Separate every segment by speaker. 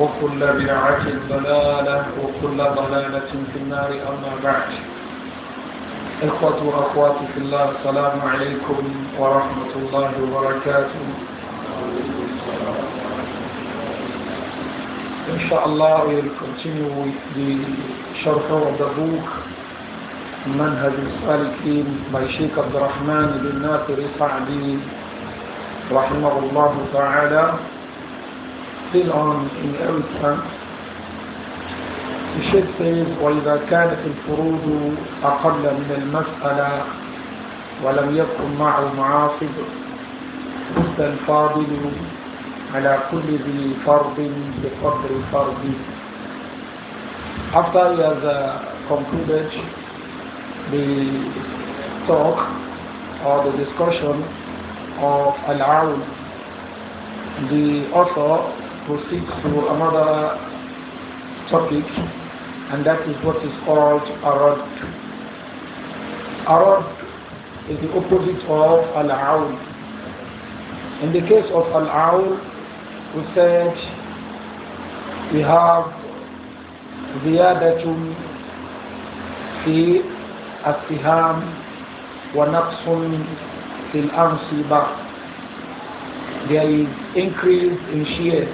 Speaker 1: وكل بدعة ضلالة وكل ضلالة في النار أما بعد إخوة وأخوات في الله السلام عليكم ورحمة الله وبركاته إن شاء الله we'll continue with the شرح of the book منهج السالكين by Sheikh عبد الرحمن بن ناصر رحمه الله تعالى in on inheritance the Sheikh says وإذا كانت الفروض أقل من المسألة ولم يكن الفاضل على كل ذي فرض بقدر After he has uh, concluded the talk or the discussion of Al-Awl, the author proceed to another topic, and that is what is called arad. Arad is the opposite of al-awl. In the case of al-awl, we said we have ziyadatun fi السهام ونقص في الأنصبة there is increase in shears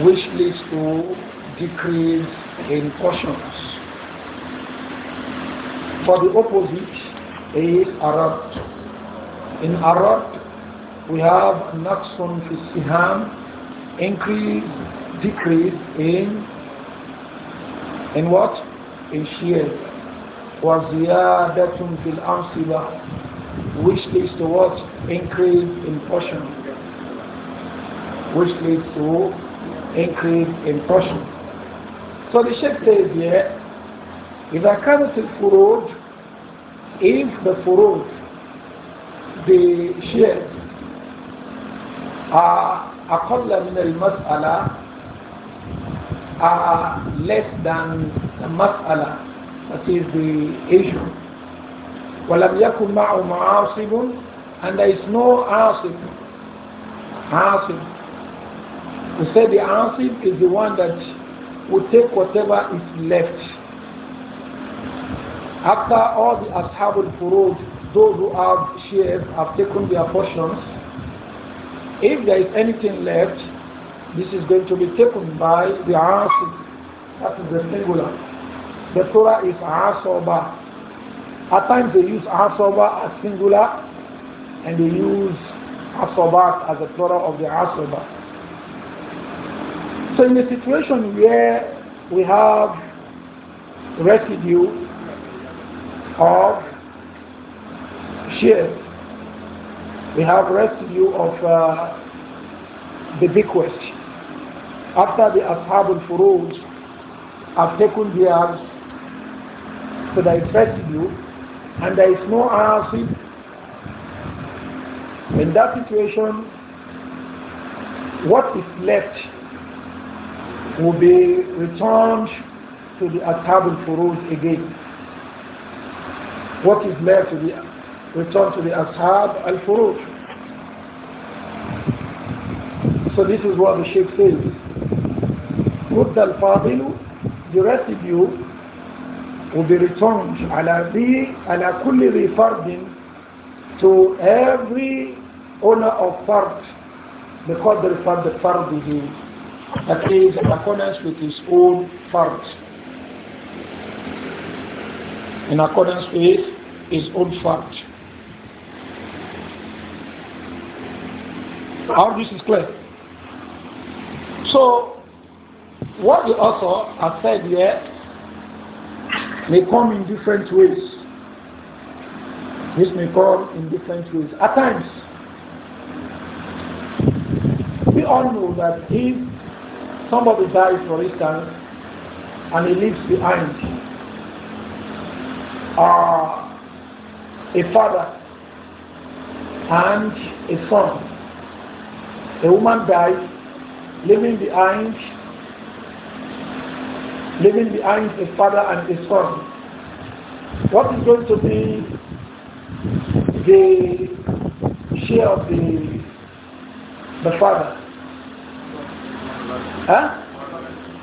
Speaker 1: which leads to decrease in portions. For the opposite is Arad. In Arad, we have Naqsun fi Siham, increase, decrease in in what? In shear. وَزِيَادَةٌ فِي الْأَمْصِبَةِ which leads to what? Increase in portion, which leads to increase in portion. So the Sheikh says here, if I إذا كانت furud, if the furud, the shares are أقل من المسألة are less than the مسألة that is the issue ولم يكن معه معاصب and there is no عاصب عاصب you said the asif is the one that will take whatever is left. After all the Ashabu furud those who have shares have taken their portions, if there is anything left, this is going to be taken by the asif. That is the singular. The Torah is asoba. At times they use asoba as singular and they use asobat as the plural of the asoba. So in a situation where we have residue of shares, we have residue of uh, the bequest. After the Ashab al-Furuj have taken theirs, so there is residue and there is no acid. In that situation, what is left will be returned to the Ashab al-Furuz again. What is left to be returned to the Ashab al-Furuz. So this is what the Sheikh says. Rud al-Fadilu, the residue will be returned على ذي على كل ذي فرد to every owner of because بقدر فرد فرده that is in accordance with his own fard. In accordance with his own fact, All this is clear? So, what the author has said here may come in different ways. This may come in different ways. At times, we all know that if somebody dies, for instance, and he leaves behind uh, a father and a son. A woman dies, leaving behind leaving behind a father and a son. What is going to be the share of the the father?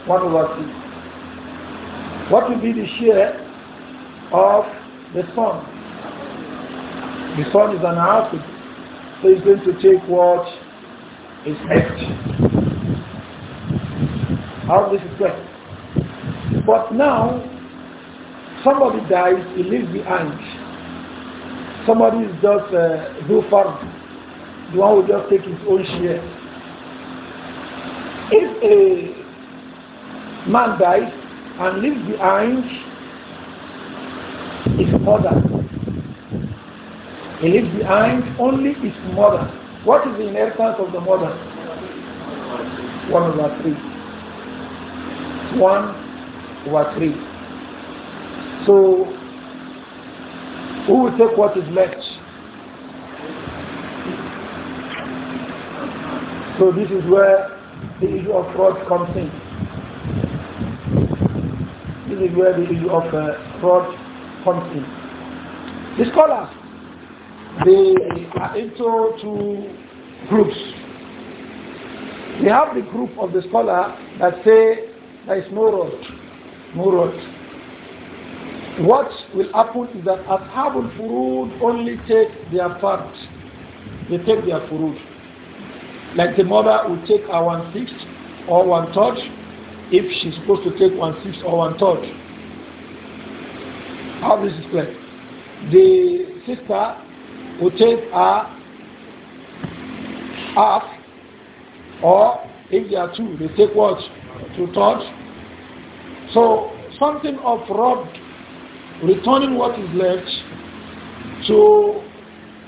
Speaker 1: 1 over 6. What will be the share of the son? The son is an acid, so he's going to take what is left. How this is left. But now, somebody dies, he leaves behind. Somebody is just uh, do farm. The one will just take his own share. If a man dies and leaves behind his mother. He leaves behind only his mother. What is the inheritance of the mother? One over three. One over three. So, who will take what is left? So this is where the issue of fraud comes in is where the issue of uh, fraud comes in. The scholars, they are into two groups. They have the group of the scholar that say there is no road, no road. What will happen is that Ashabul Furud only take their part. They take their Furud. Like the mother will take her one-sixth or one-third if she's supposed to take one sixth or one third. How this is played. The sister will take a half, or if there are two, they take what? Two thirds. So something of robbed, returning what is left to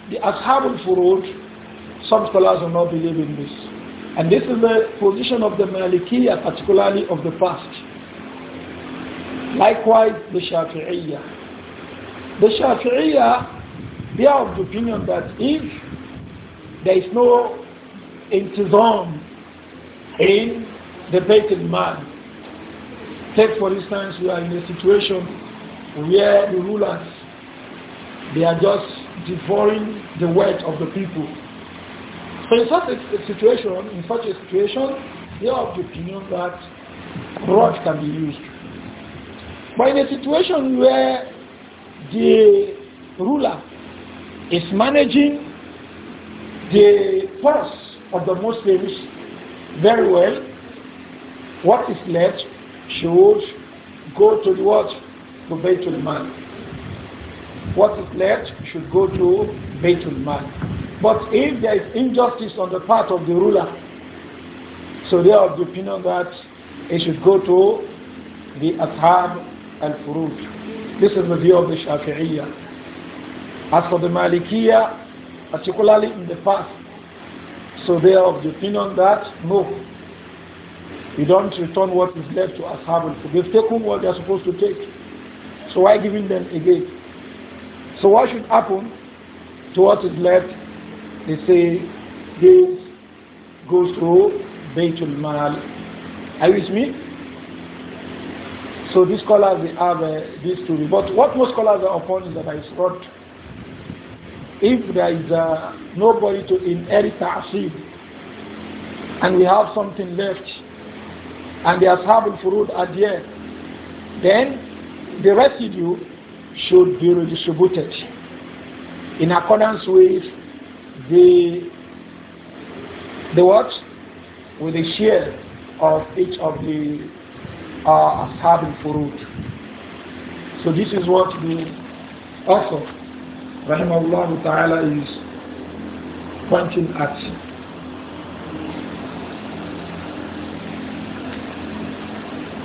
Speaker 1: the Ashabul Furud, some scholars will not believe in this. And this is the position of the Malikiya, particularly of the past. Likewise, the Shafi'iyah. The Shafi'iyah, they are of the opinion that if there is no intizam in the Baitul Man, take for instance, we are in a situation where the rulers, they are just devouring the wealth of the people so in such a situation, in such a situation, they are of the opinion that rod can be used. But in a situation where the ruler is managing the purse of the Muslims very well, what is left should go to the what? To Baitul man. What is left should go to Baitul man. But if there is injustice on the part of the ruler, so they are of the opinion that it should go to the Ashab al-Furuj. This is the view of the Shafi'iyya. As for the Malikiyya, particularly in the past, so they are of the opinion that no, you don't return what is left to Ashab al-Furuj. They've taken what they're supposed to take. So why giving them again? So what should happen to what is left they say this goes to Baitul Mal. Are you with me? So these scholars they have uh, this theory. But what most scholars are upon is that I not if there is uh, nobody to inherit ta'asib and we have something left and the ashab al-furud are there, then the residue should be redistributed in accordance with the the what with the share of each of the uh, ashab al-furud. So this is what the author, rahimahullah ta'ala, is pointing at.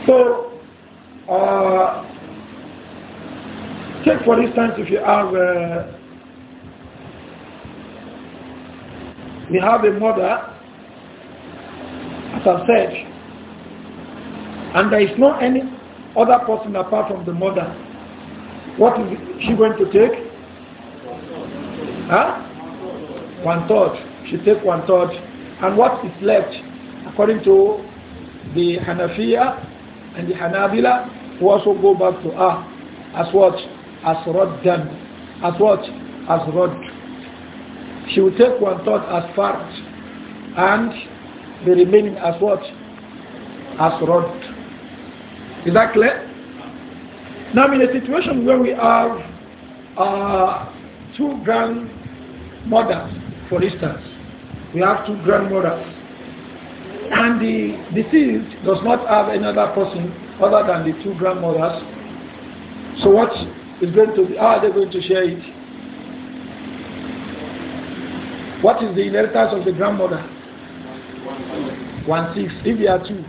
Speaker 1: So, uh, take for instance if you have uh, We have a mother, as I've said, and there is not any other person apart from the mother. What is she going to take? Huh? One third. She take one third. And what is left, according to the Hanafiya and the Hanabila, who also go back to her as what? As Roddan. As what? As Rod she will take one third as fard and the remaining as what? As rod. Is that clear? Now in a situation where we have uh, two grandmothers, for instance, we have two grandmothers, and the deceased does not have another person other than the two grandmothers. So what is going to be? How are they going to share it? What is the inheritance of the grandmother? One six. If there are two,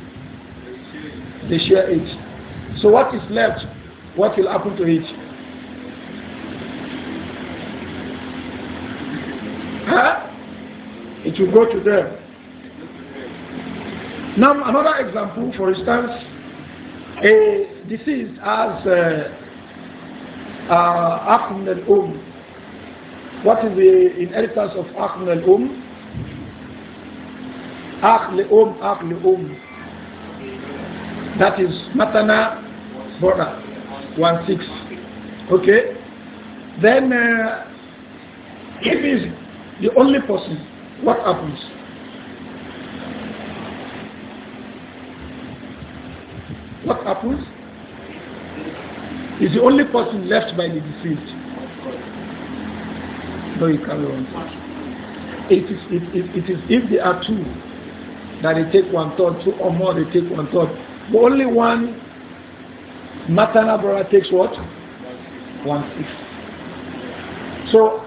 Speaker 1: they share it. So what is left? What will happen to it? Huh? It will go to them. Now another example, for instance, a deceased has uh, uh, half million home what is the inheritance of Achmel al-Um? Aql um Aql um That is Matana Bora, 1-6. Okay? Then, uh, if he's the only person, what happens? What happens? Is the only person left by the deceased. So you carry on. It is, it, it, it is if there are two, that they take one third, two or more, they take one third. But only one maternal brother takes what? One sixth. So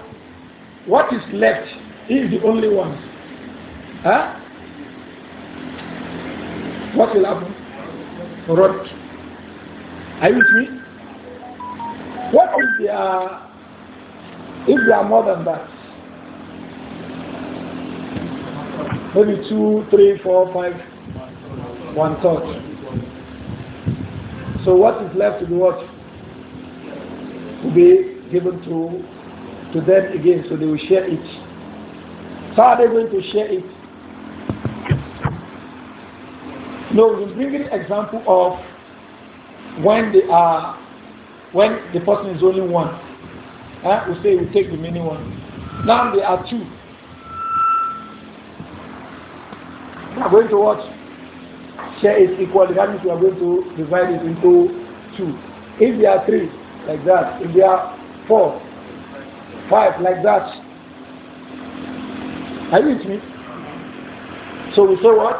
Speaker 1: what is left is the only one. Huh? What will happen? Rot. Are you with me? What if there are if there are more than that, maybe two, three, four, five, one touch. So what is left to be what? To be given to to them again, so they will share it. So are they going to share it? No, we bring an example of when they are when the person is only one eh, we say we take the mini one. Now there are two. We are going to what? Share is equal. That means we are going to divide it into two. If there are three, like that. If there are four, five, like that. Are you with me? So we say what?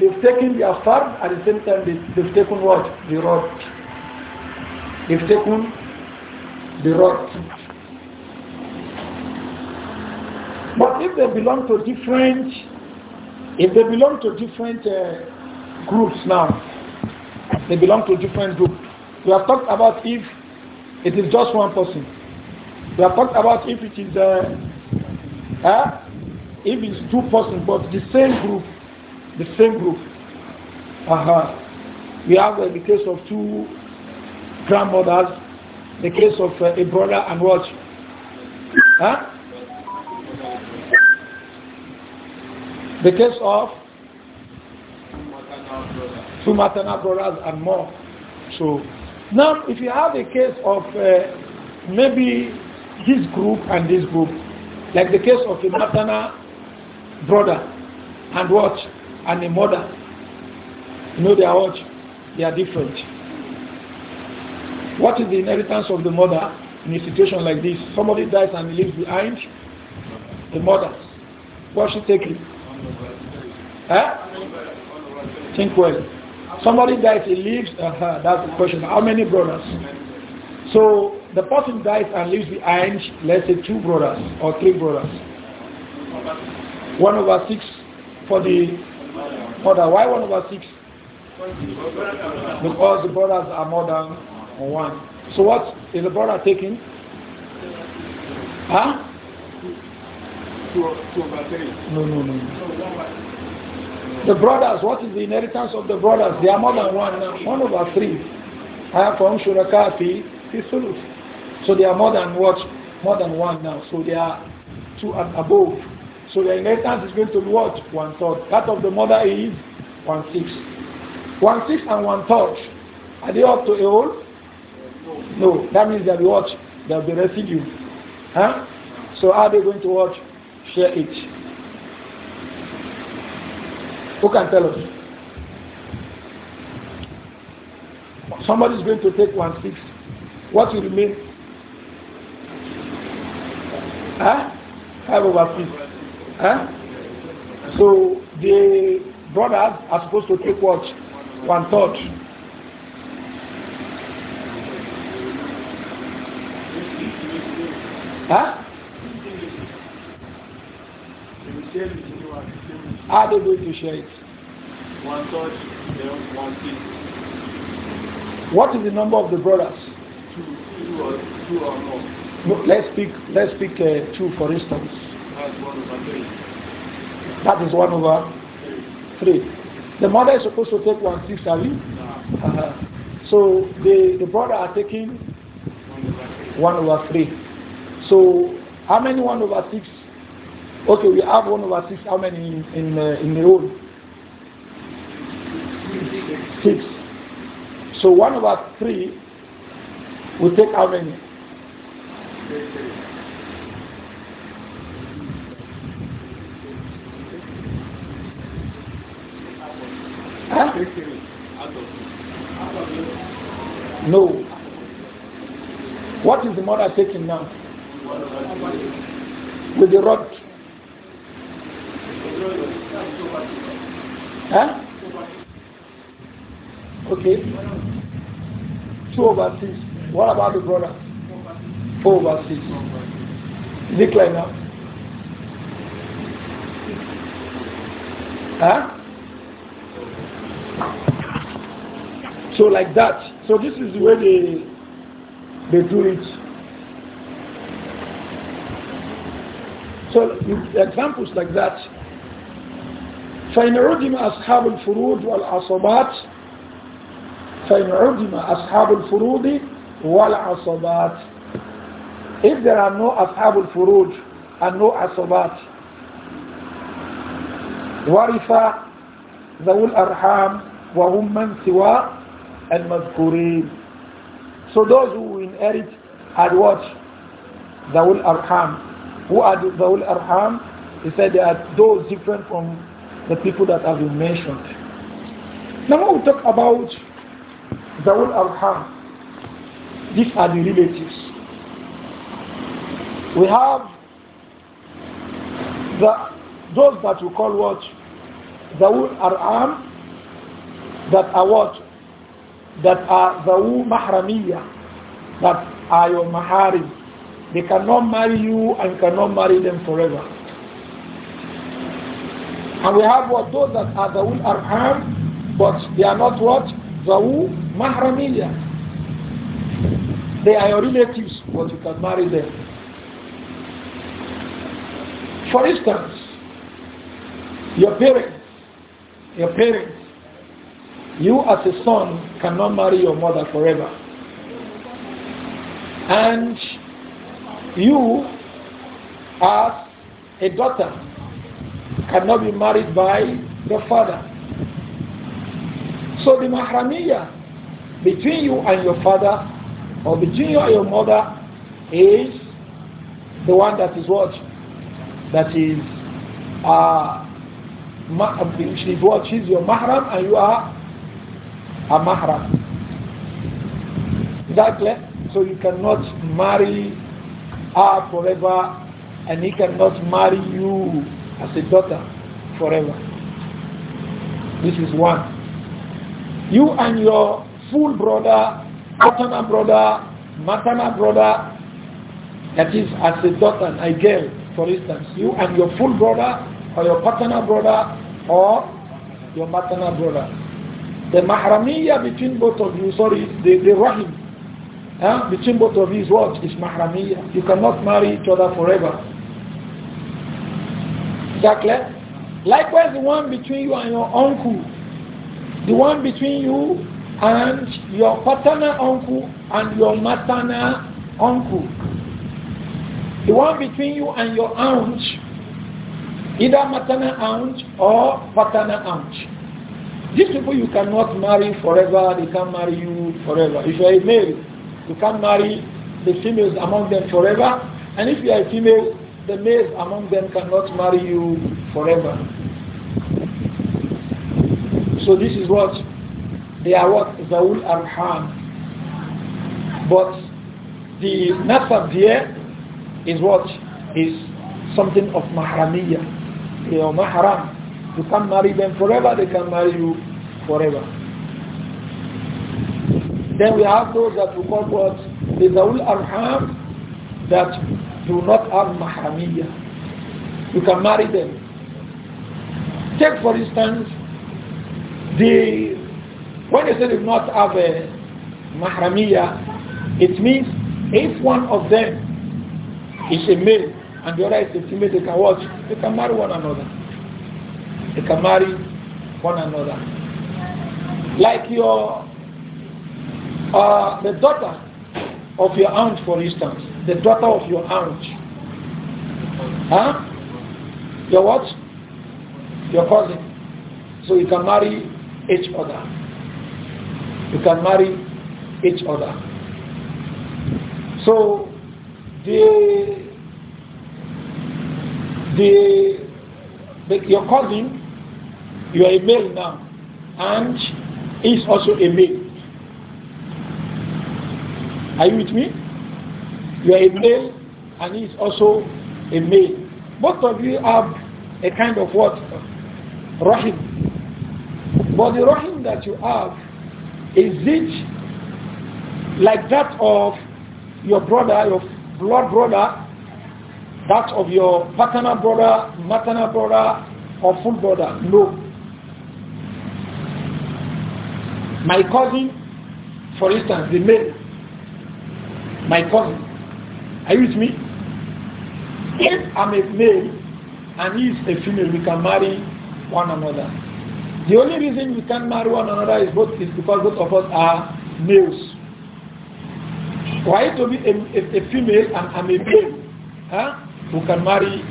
Speaker 1: They've taken their farm at the same time they, have taken what? The road. They've taken the rod. But if they belong to different, if they belong to different uh, groups now, they belong to different groups. We have talked about if it is just one person. We have talked about if it is uh, uh, if it's two persons, but the same group, the same group. Uh -huh. We have uh, the case of two grandmothers the case of uh, a brother and what? Huh? The case of two maternal brothers and more. So now if you have a case of uh, maybe this group and this group, like the case of a maternal brother and what? And a mother. You know they are what? They are different. What is the inheritance of the mother in a situation like this? Somebody dies and leaves behind the mother. What should take it? Huh? Think well. Somebody dies, he leaves. Uh -huh, that's the question. How many brothers? So the person dies and leaves behind, let's say, two brothers or three brothers. One over six for the mother. Why one over six? Because the brothers are more than one. So what is the brother taking? Huh? Two, over three. No, no, no. The brothers, what is the inheritance of the brothers? They are more than one now. One over three. I have from Shuraka So they are more than what? More than one now. So they are two and above. So the inheritance is going to be what? One third. Part of the mother is one sixth. One sixth and one third. Are they up to a whole? No, that means they'll be what? They'll be residue. Huh? So are they going to watch? Share it. Who can tell us? Somebody is going to take one six. What will remain? Huh? Five over six. Huh? So the brothers are supposed to take what? One third. Huh? How do they share it? One touch, then one thing. What is the number of the brothers? Two, two or, two or more. let's pick, let's pick uh, two for instance. That's one over three. That is one over three. three. The mother is supposed to take one six, are you? Uh -huh. So the, the brother are taking one over three. One over three. So how many 1 over 6? Okay, we have 1 over 6. How many in, in, uh, in the whole? 6. So 1 over 3 will take how many? Huh? No. What is the mother taking now? with the rod. Huh? Okay. Two over six. What about the brother? Four over six. Is it clear now? Huh? So like that. So this is where they they do it. So examples like that. فإن عدم أصحاب الفروض والعصبات فإن عدم أصحاب الفروض والعصبات If there are no أصحاب الفروض and no عصبات ورث ذوي الأرحام وهم من سوى المذكورين So those who inherit had what? ذوي الأرحام Who are the Zawul Arham? He said they are those different from the people that have been mentioned. Now we talk about Zawul Arham. These are the relatives. We have the, those that we call what? Zawul Arham that are what? That are Zawul Mahramiyah. That are your Maharim. They cannot marry you and cannot marry them forever. And we have what those that are the Arham, but they are not what? Zawul Mahramiya. They are your relatives, but you can marry them. For instance, your parents, your parents, you as a son cannot marry your mother forever. And you as a daughter cannot be married by the father. So the mahramiya between you and your father or between you and your mother is the one that is what? That is uh, which is what? She's your mahram and you are a mahram. Is that clear? So you cannot marry are forever and he cannot marry you as a daughter forever. This is one. You and your full brother, paternal brother, maternal brother, that is as a daughter, a girl, for instance, you and your full brother or your paternal brother or your maternal brother. The mahramiya between both of you, sorry, the, the rahim, Huh? Between both of these what is mahramiya? You cannot marry each other forever. clear? Likewise, the one between you and your uncle, the one between you and your paternal uncle and your maternal uncle, the one between you and your aunt, either maternal aunt or paternal aunt. These people you cannot marry forever, they can't marry you forever. If you are a male, you can't marry the females among them forever. And if you are a female, the males among them cannot marry you forever. So this is what they are what Zawul Arham. But the nasab here is what is something of mahramiya. They are mahram. You can not marry them forever, they can marry you forever. Then we have those that we call what? The Zawul Arham that do not have Mahamiyya. You can marry them. Take for instance, the when they say they do not have a Mahamiyya, it means if one of them is a male and the other is a female, they can watch, they can marry one another. They can marry one another. Like your uh, the daughter of your aunt, for instance, the daughter of your aunt, huh? Your what? Your cousin. So you can marry each other. You can marry each other. So the the, the your cousin, you are a male now, and is also a male. Are you with me? You are a male and he is also a male. Both of you have a kind of what? Rahim. But the Rahim that you have, is it like that of your brother, your blood brother, that of your paternal brother, maternal brother, or full brother? No. My cousin, for instance, the male, my cousin. Are you with me? If I'm a male and he is a female, we can marry one another. The only reason we can't marry one another is both is because both of us are males. Why to be a, a, a female and I'm a male? Huh? Who can marry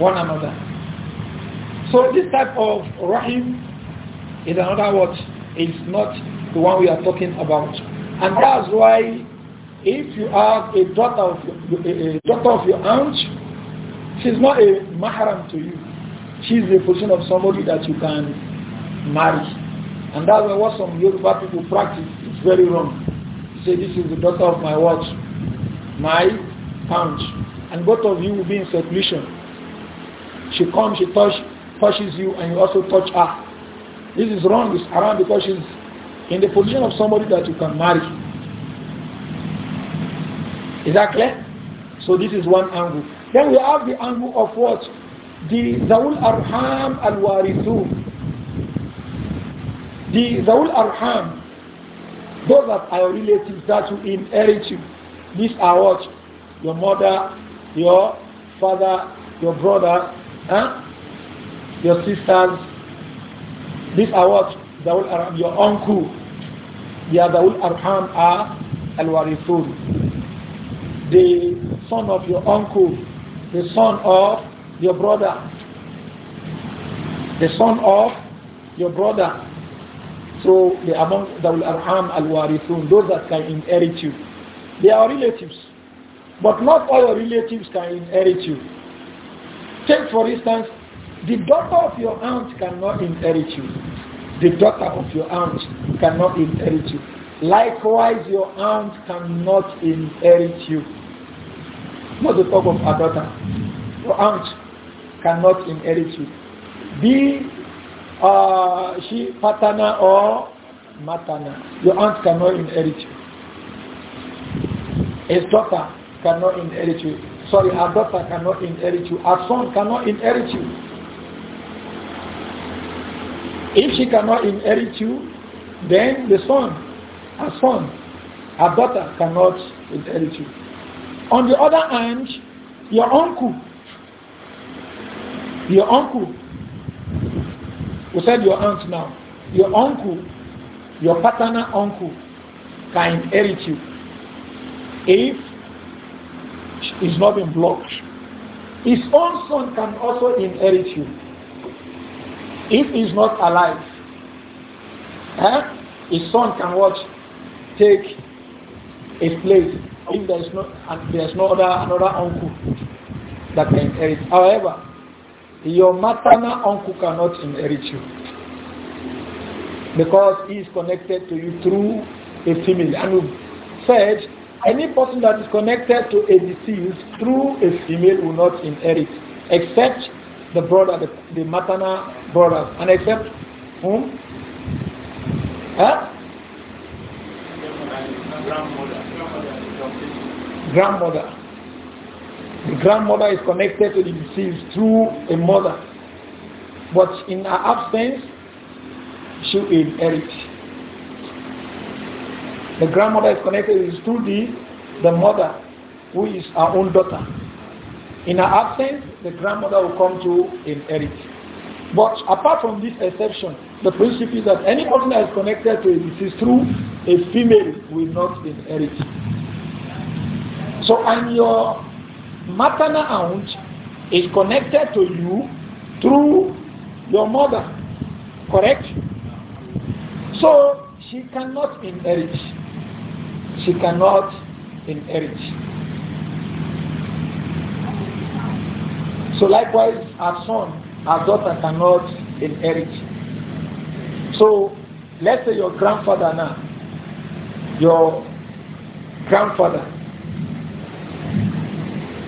Speaker 1: one another. So this type of rahim is another word. It's not the one we are talking about. And that's why if you have a daughter of your, a daughter of your aunt, she's not a mahram to you. She's the position of somebody that you can marry. And that's what some Yoruba people practice. It's very wrong. You say, this is the daughter of my watch, my aunt. And both of you will be in seclusion. She comes, she touch, touches you, and you also touch her. This is wrong. It's haram because she's in the position of somebody that you can marry. Is that clear? So this is one angle. Then we have the angle of what? The Zawul Arham al warithu. The Zawul Arham, those that are relatives that will inherit you. These are what? Your mother, your father, your brother, huh? your sisters. These are what? Zawul Arham, your uncle. The Zawul Arham are al warithu the son of your uncle, the son of your brother, the son of your brother. So the among Dawul Arham al Warithun, those that can inherit you, they are relatives. But not all your relatives can inherit you. Take for instance, the daughter of your aunt cannot inherit you. The daughter of your aunt cannot inherit you. Likewise, your aunt cannot inherit you. Not the talk of a daughter. Your aunt cannot inherit you. Be uh, she paternal or maternal. Your aunt cannot inherit you. A daughter cannot inherit you. Sorry, a daughter cannot inherit you. A son cannot inherit you. If she cannot inherit you, then the son, her son, her daughter cannot inherit you. On the other hand, your uncle, your uncle, we said your aunt now, your uncle, your paternal uncle can inherit you if he's not been blocked. His own son can also inherit you if he's not alive. Eh? His son can watch, take his place if there is no there is no other another uncle that can inherit. However, your maternal uncle cannot inherit you because he is connected to you through a female. And we said any person that is connected to a deceased through a female will not inherit except the brother, the, the maternal brothers, and except whom? Huh? Grandmother grandmother. The grandmother is connected to the deceased through a mother. But in her absence, she inherits. The grandmother is connected is through the, the mother, who is her own daughter. In her absence, the grandmother will come to inherit. But apart from this exception, the principle is that any person that is connected to a deceased through a female will not inherit. So, and your maternal aunt is connected to you through your mother, correct? So, she cannot inherit. She cannot inherit. So, likewise, our son, our daughter cannot inherit. So, let's say your grandfather now, your grandfather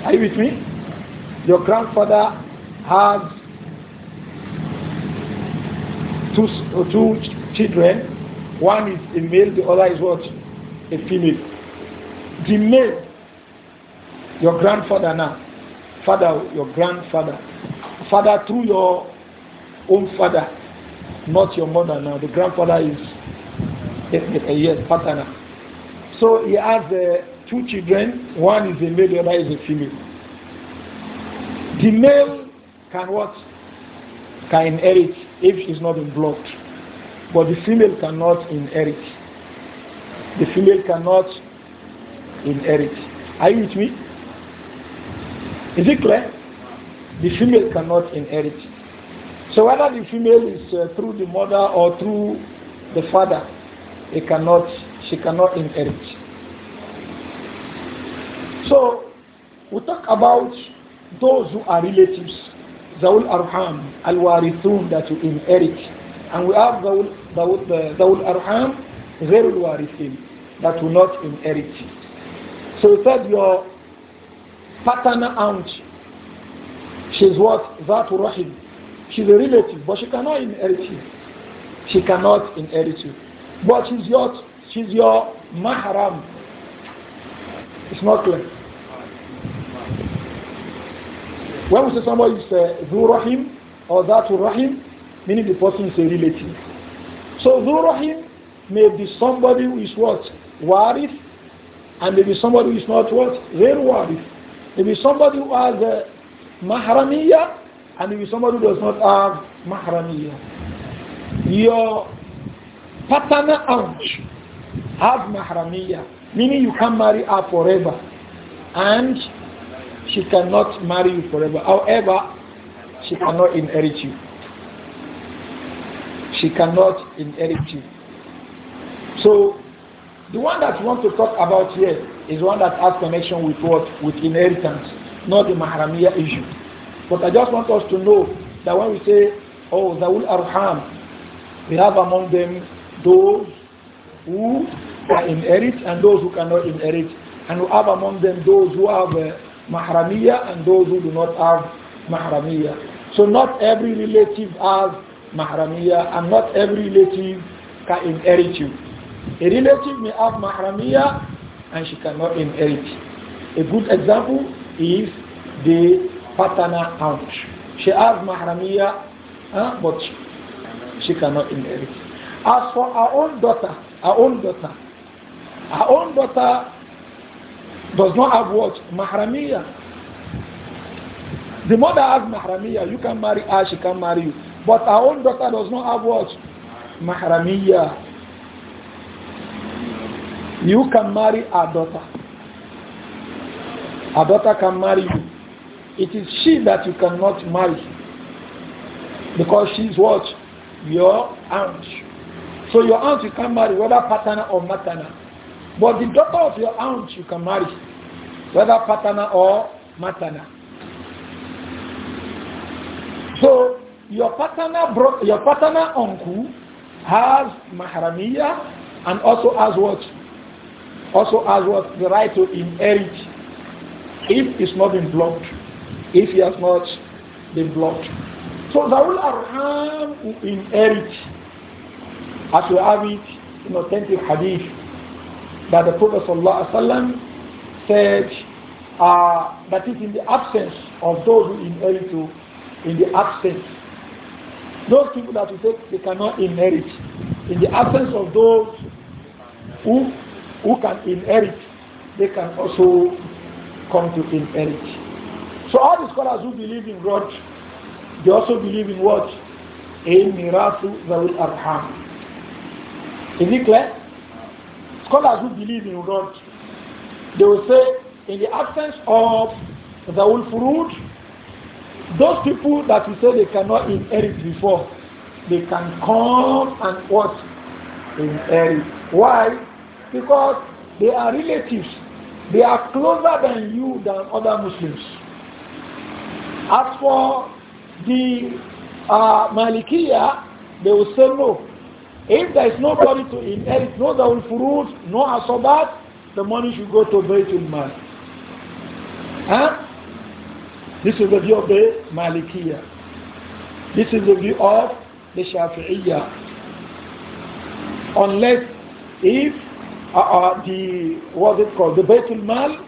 Speaker 1: are you with me? Your grandfather has two, two children. One is a male, the other is what? A female. The male, your grandfather now, father, your grandfather, father through your own father, not your mother now. The grandfather is, yes, partner. So he has a two children, one is a male, the other is a female. The male can what? Can inherit if she's not in blood. But the female cannot inherit. The female cannot inherit. Are you with me? Is it clear? The female cannot inherit. So whether the female is uh, through the mother or through the father, it cannot, she cannot inherit. So we talk about those who are relatives, Zawul Arham, Al Warithun that you inherit. And we have Zawul, uh, Arham, Zerul Warithin that will not inherit. So we said your paternal aunt, she's what? Zatu Rahim. She's a relative, but she cannot inherit you. She cannot inherit you. But she's your, she's your mahram, it's not clear. When we say somebody is Zul uh, Rahim or that Rahim, meaning the person is a relative. So Zul Rahim may be somebody who is what? Warif, and maybe somebody who is not what? Their Warif. Maybe somebody who has a Mahramiya, and maybe somebody who does not have Mahramiya. Your paternal aunt have Mahramiya. Meaning you can't marry her forever. And she cannot marry you forever. However, she cannot inherit you. She cannot inherit you. So the one that we want to talk about here is one that has connection with what? With inheritance, not the maharamiya issue. But I just want us to know that when we say, oh, Zawul Arham, we have among them those who can inherit and those who cannot inherit. And we have among them those who have uh, and those who do not have mahramiyya. So not every relative has mahramiyya and not every relative can inherit you. A relative may have mahramiyya and she cannot inherit. A good example is the paternal aunt. She has mahramiyya huh, but she cannot inherit. As for our own daughter, our own daughter, her own daughter does not have what? Mahramiya. The mother has mahramiya. You can marry her, she can marry you. But her own daughter does not have what? Mahramiya. You can marry her daughter. Her daughter can marry you. It is she that you cannot marry. Because she's what? Your aunt. So your aunt you can marry whether paternal or maternal. But the daughter of your aunt you can marry, whether patana or matana. So your patana bro- your paternal uncle has mahramiya and also has what? Also has what? The right to inherit if it's not been blocked, if he has not been blocked. So Zawul Arham will inherit as we have it in authentic hadith that the Prophet ﷺ said uh, that is in the absence of those who inherit to, in the absence. Those people that we say they cannot inherit. In the absence of those who, who can inherit, they can also come to inherit. So all the scholars who believe in God, they also believe in what? In Mirasu Zawil Arham. Is it clear? Scholars who believe in God, they will say, in the absence of the Ulfurud, those people that we say they cannot inherit before, they can come and what? Inherit. Why? Because they are relatives. They are closer than you than other Muslims. As for the uh, Malikiya, they will say no. If there is nobody to inherit, no Dawul Furuz, no Asabat, the money should go to Baitul Mal. Huh? This is the view of the Malikiya. This is the view of the Shafi'iya. Unless if uh, uh, the, what is it called, the Baitul Mal,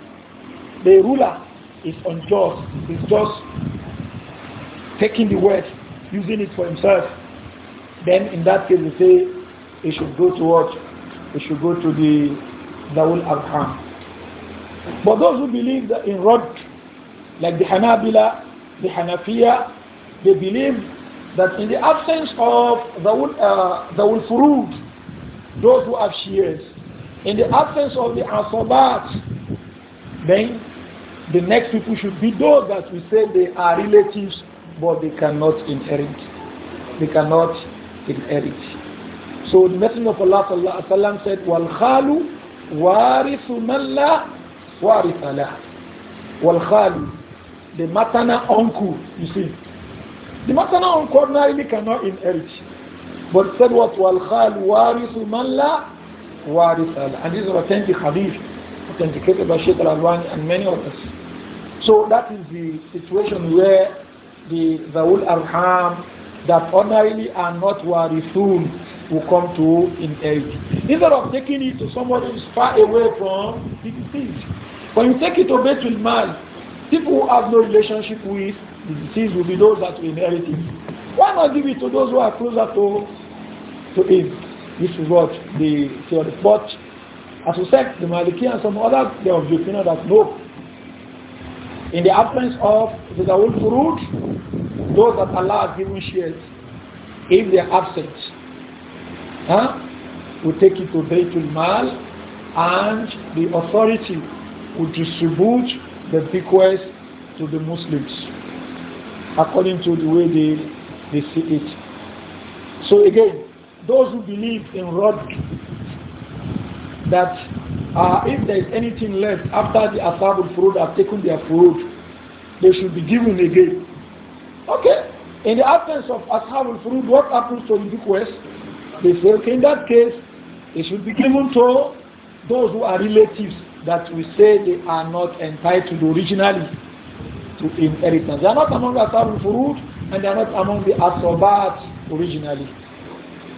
Speaker 1: the ruler is unjust, He's just taking the wealth, using it for himself then in that case we say it should go to what? It should go to the Dawul Arham. But those who believe that in Rod, like the Hanabila, the Hanafiya, they believe that in the absence of Dawul, uh, Dawul Furud, those who have shears, in the absence of the Asabat, then the next people should be those that we say they are relatives but they cannot inherit. They cannot in inherit. So the Messenger of Allah sallallahu alaihi wasallam said, "Wal khalu warithu man la waritha la." the maternal uncle. You see, the maternal uncle ordinarily cannot inherit, but said what wal khalu warithu man la waritha And this is authentic hadith, authenticated by Sheikh Al-Albani and many others. So that is the situation where the Zawul Arham that ordinarily are not soon will come to inherit. Instead of taking it to somebody who's far away from the deceased. When you take it to Betul Mal, people who have no relationship with the deceased will be those that will inherit it. Why not give it to those who are closer to, to him? This is what the theory. But as we said, the Maliki and some other they know. of the that no. In the absence of the old fruit. Those that Allah has given shares, if they are absent, huh, we take it to Baytul Mal and the authority will distribute the bequest to the Muslims according to the way they, they see it. So again, those who believe in Rod that uh, if there is anything left after the Asabul Furud have taken their food, they should be given again. Okay. In the absence of Ashabul Furud, what happens to the bequest? They say, okay, in that case, it should be given to those who are relatives that we say they are not entitled originally to inheritance. They are not among the Ashabul Furud and they are not among the Asobat originally.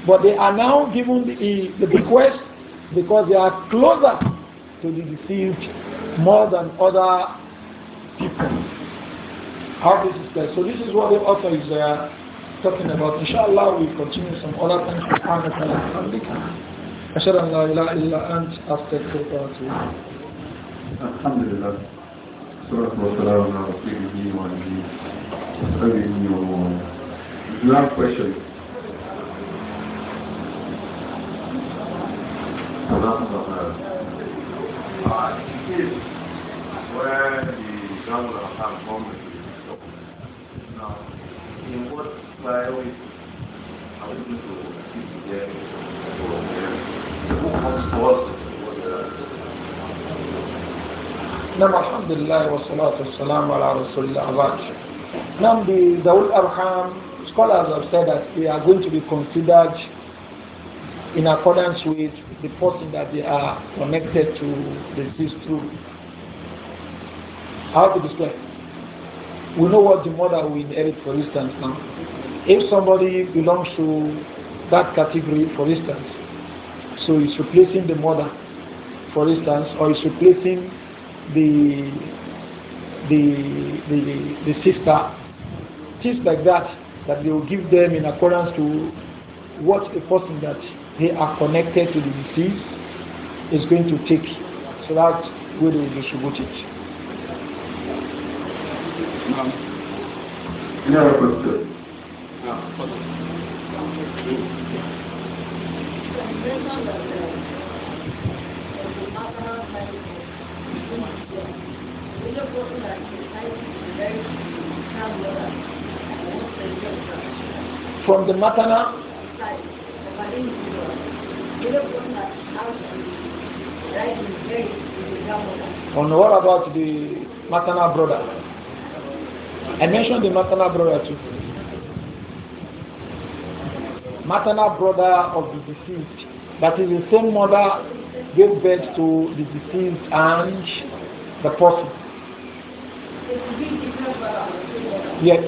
Speaker 1: But they are now given the, the bequest because they are closer to the deceased more than other people how this is done. So this is what the author is uh, talking about. Inshallah, we continue some other things. Subhanahu wa ta'ala. أشهد أن لا إله إلا أنت أستغفرك الحمد لله والسلام على وعلى آله وصحبه question. why I always, I always need to keep together the book comes to نعم الحمد لله والصلاة والسلام على رسول الله وبعد. Now the Dawul Arham scholars have said that they are going to be considered in accordance with the person that they are connected to the disease through. How to describe? We know what the mother will inherit, for instance, now. If somebody belongs to that category, for instance, so he's replacing the mother, for instance, or he's replacing the the the, the sister, things like that, that they will give them in accordance to what the person that they are connected to the disease is going to take. So that way they will distribute it. Um, question. From the Matana. On what about the Matana brother? I mentioned the Matana brother too maternal brother of the deceased. That is the same mother gave birth to the deceased and the person. Yes.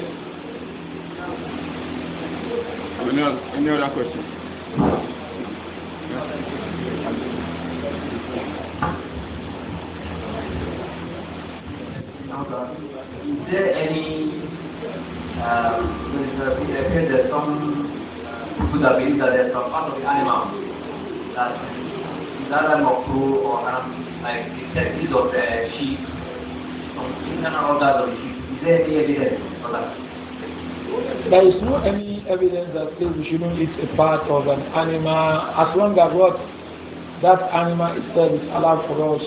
Speaker 1: Any other, question? Is there any, um, uh, appears some people that believe that there's some part of the animal that is either makruh or haram, like the piece of the sheep, some internal organs of the sheep. Is there any evidence for that? There is no any evidence that says we shouldn't eat a part of an animal as long as what that animal itself is allowed for us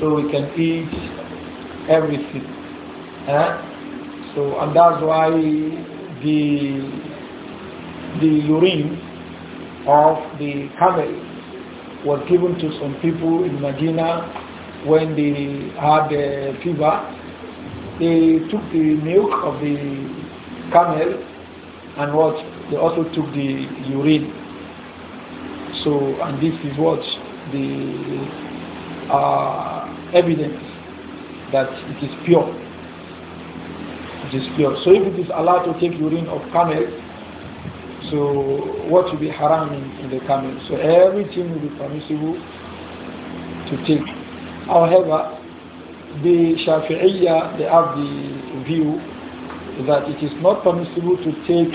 Speaker 1: so we can eat everything. Eh? So and that's why the the urine of the camel was given to some people in Medina when they had uh, fever. They took the milk of the camel and what? They also took the urine. So, and this is what the uh, evidence that it is pure. It is pure. So if it is allowed to take urine of camel, so what will be haram in, in the camel? So everything will be permissible to take. However, the Shafi'iyya, they have the view that it is not permissible to take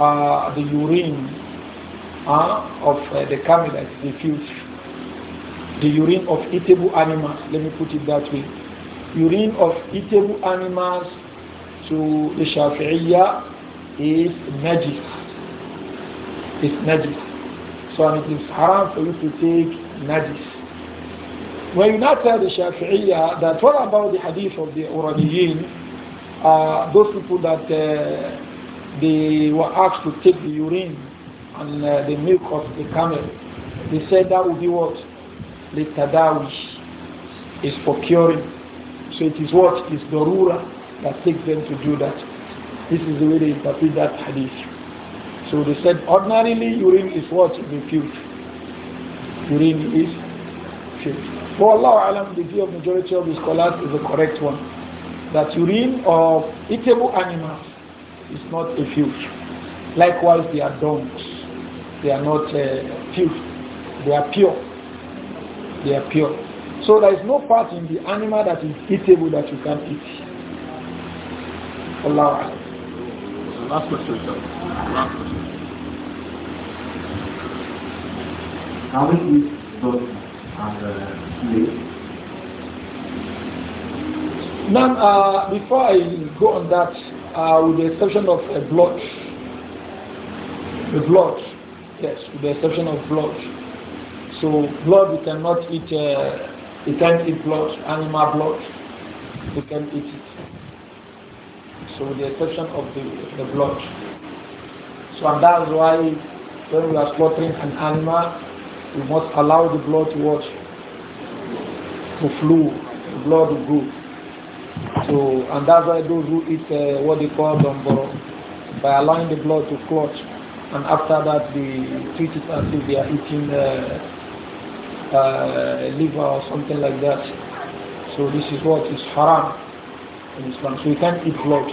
Speaker 1: uh, the urine uh, of uh, the camel as the the urine of eatable animals, let me put it that way. Urine of eatable animals to the Shafi'iyya is magic is najis. So and it is haram for you to take najis. When you now tell the Shafi'iyya that what about the hadith of the Uraniyin, uh, those people that uh, they were asked to take the urine and uh, the milk of the camel, they said that would be what? The tadawish is for curing. So it is what is the darura that takes them to do that. This is the way they interpret that hadith. So they said ordinarily urine is what is refused. Urine is For Allah Alam, the view of majority of the scholars is the correct one. That urine of eatable animals is not a fuel. Likewise, they are don'ts. They are not uh, They are pure. They are pure. So there is no part in the animal that is eatable that you can eat. Allah Alam. Last question, sir. Last question. How it is done and uh, Now, uh, before I go on that, uh, with the exception of a blood, the blood, yes, with the exception of blood. So blood, we cannot eat, uh, we can't eat blood, animal blood, we can eat it. So with the exception of the, the blood. So and that's why when we are slaughtering an animal, we must allow the blood to watch, to flow, the blood to go. So, and that's why those who eat uh, what they call domboro, by allowing the blood to clutch, and after that they treat it as if they are eating uh, uh, liver or something like that. So this is what is haram in Islam. So you can't eat blood.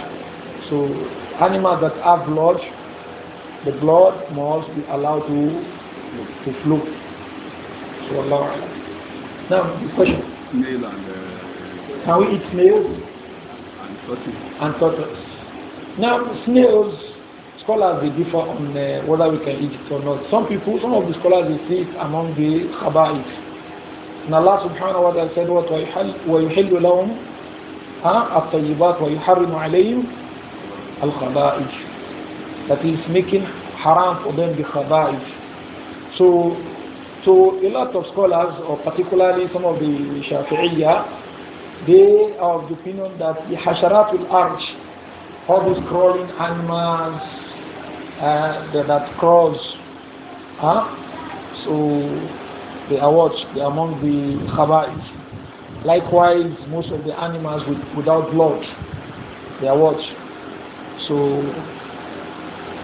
Speaker 1: So animals that have blood, the blood must be allowed to, to flow. Now, the question. Can uh, we eat snails? And tortoise. Now, snails, scholars, they differ on uh, whether we can eat it or not. Some people, some of the scholars, they see it among the khaba'if. And Allah subhanahu wa ta'ala said, what tayyibat wa الطيبات ويحرم al-khabais," الخبائث that is making haram for them the khaba'if so so a lot of scholars, or particularly some of the Shafi'iyya, they are of the opinion that the hasharat will arch, all these crawling animals uh, that, that crawls, huh? so they are watched. They are among the khaba'is. Likewise, most of the animals with, without blood, they are watched. So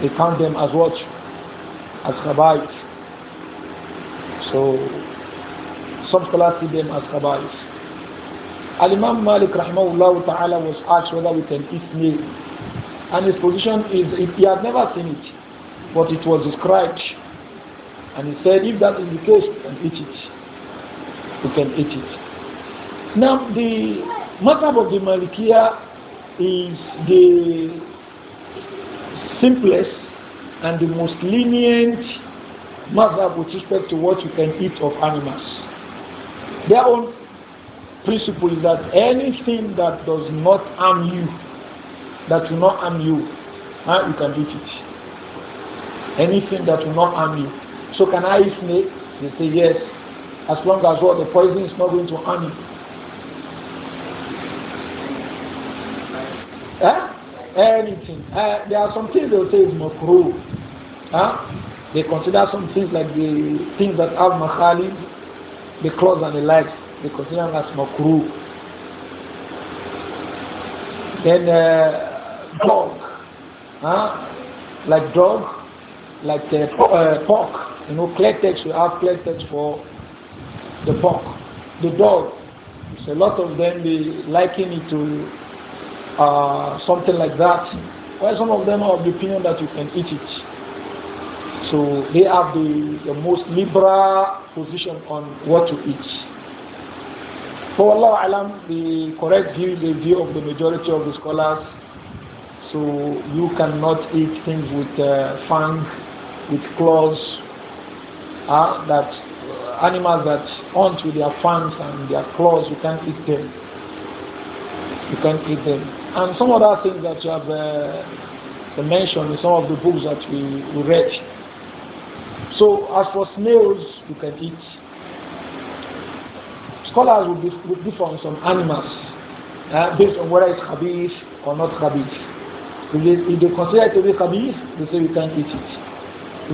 Speaker 1: they count them as watch, As khaba'is. So some scholars see them as kaba'is. Al-Imam Malik rahimahullah ta'ala was asked whether we can eat meat. And his position is he had never seen it, but it was described. And he said, if that is the case, we can eat it. We can eat it. Now, the matter of the Malikia is the simplest and the most lenient mazhab with respect to what you can eat of animals. Their own principle is that anything that does not harm you, that will not harm you, huh, you can eat it. Anything that will not harm you. So can I eat snake? They say yes, as long as what the poison is not going to harm you. Huh? Anything. Uh, there are some things they'll say is makruh. Huh? They consider some things like the things that have makhali, the clothes and the legs, they consider them as makruh. Then uh, dog, huh? like dog, like the uh, uh, pork. You know, clear text, we have clear text for the pork. The dog, so a lot of them they liken it to uh, something like that. Why some of them are of the opinion that you can eat it. So they have the, the most liberal position on what to eat. For Allah Alam, the correct view is the view of the majority of the scholars. So you cannot eat things with uh, fang, with claws, uh, that uh, animals that hunt with their fangs and their claws, you can't eat them. You can't eat them. And some other things that you have uh, mentioned in some of the books that we, we read so as for snails, you can eat. Scholars would be, differ on some animals uh, based on whether it's khabith or not khabith. If they, if they, consider it to be khabith, they say you can't eat it.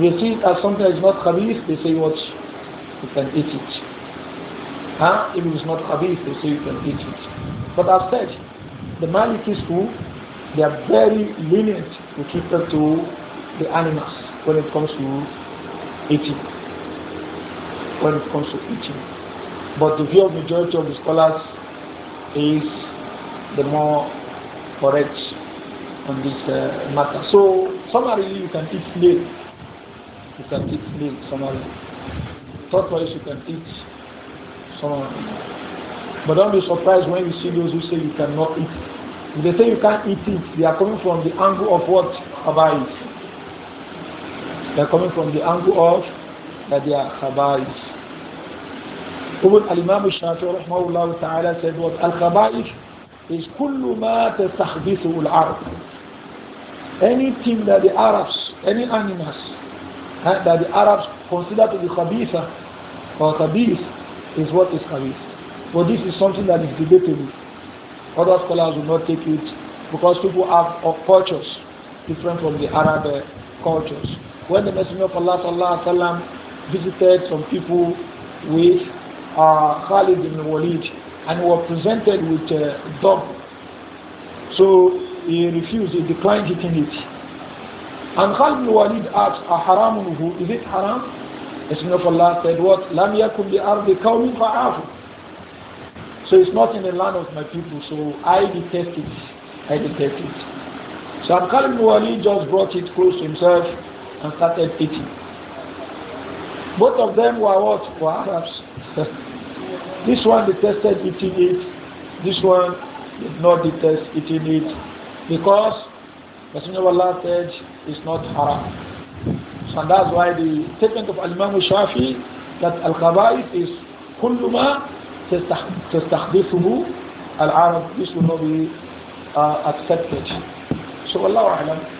Speaker 1: If they see it as something that is not khabith, they say what? You can eat it. Huh? If it is not khabith, they say you can eat it. But I've said, the Maliki school, they are very lenient with respect to the animals when it comes to eating. When it comes to eating. But the view of majority of the scholars is the more correct on this uh, matter. So summary, you can eat snail. You can eat snail, summary. Thought-wise, you can eat someone. But don't be surprised when you see those who say you cannot eat. If they say you can't eat it, they are coming from the angle of what? About it. They are coming from the angle of that they are khaba'is. Even Al-Imam al-Shafi'i rahmahullah ta'ala said what al-khaba'is is kullu ma tastakhbithu al-Arab. Anything that the Arabs, any animals that the Arabs consider to be khabitha or khabith is what is khabith. But this is something that is debatable. Other scholars will not take it because people have cultures different from the Arab eh, cultures when the Messenger of Allah sallallahu visited some people with uh, Khalid bin Walid and were presented with a uh, dog. So he refused, he declined eating it. And Khalid bin Walid asked, ah, haram? is it haram? The Messenger of Allah said, What? Lam yakum bi ardi kawmin fa'afu. So it's not in the land of my people, so I detest it. I detest it. So Khalid ibn Walid just brought it close to himself and started eating. Both of them were what? Were Arabs. this one detested eating it. This one did not detest eating it because Messenger of Allah said it's not haram. So that's why the statement of Imam Shafi that al-khaba'ith is kulluma ma al Arab. this will not be uh, accepted. So Allah Alam.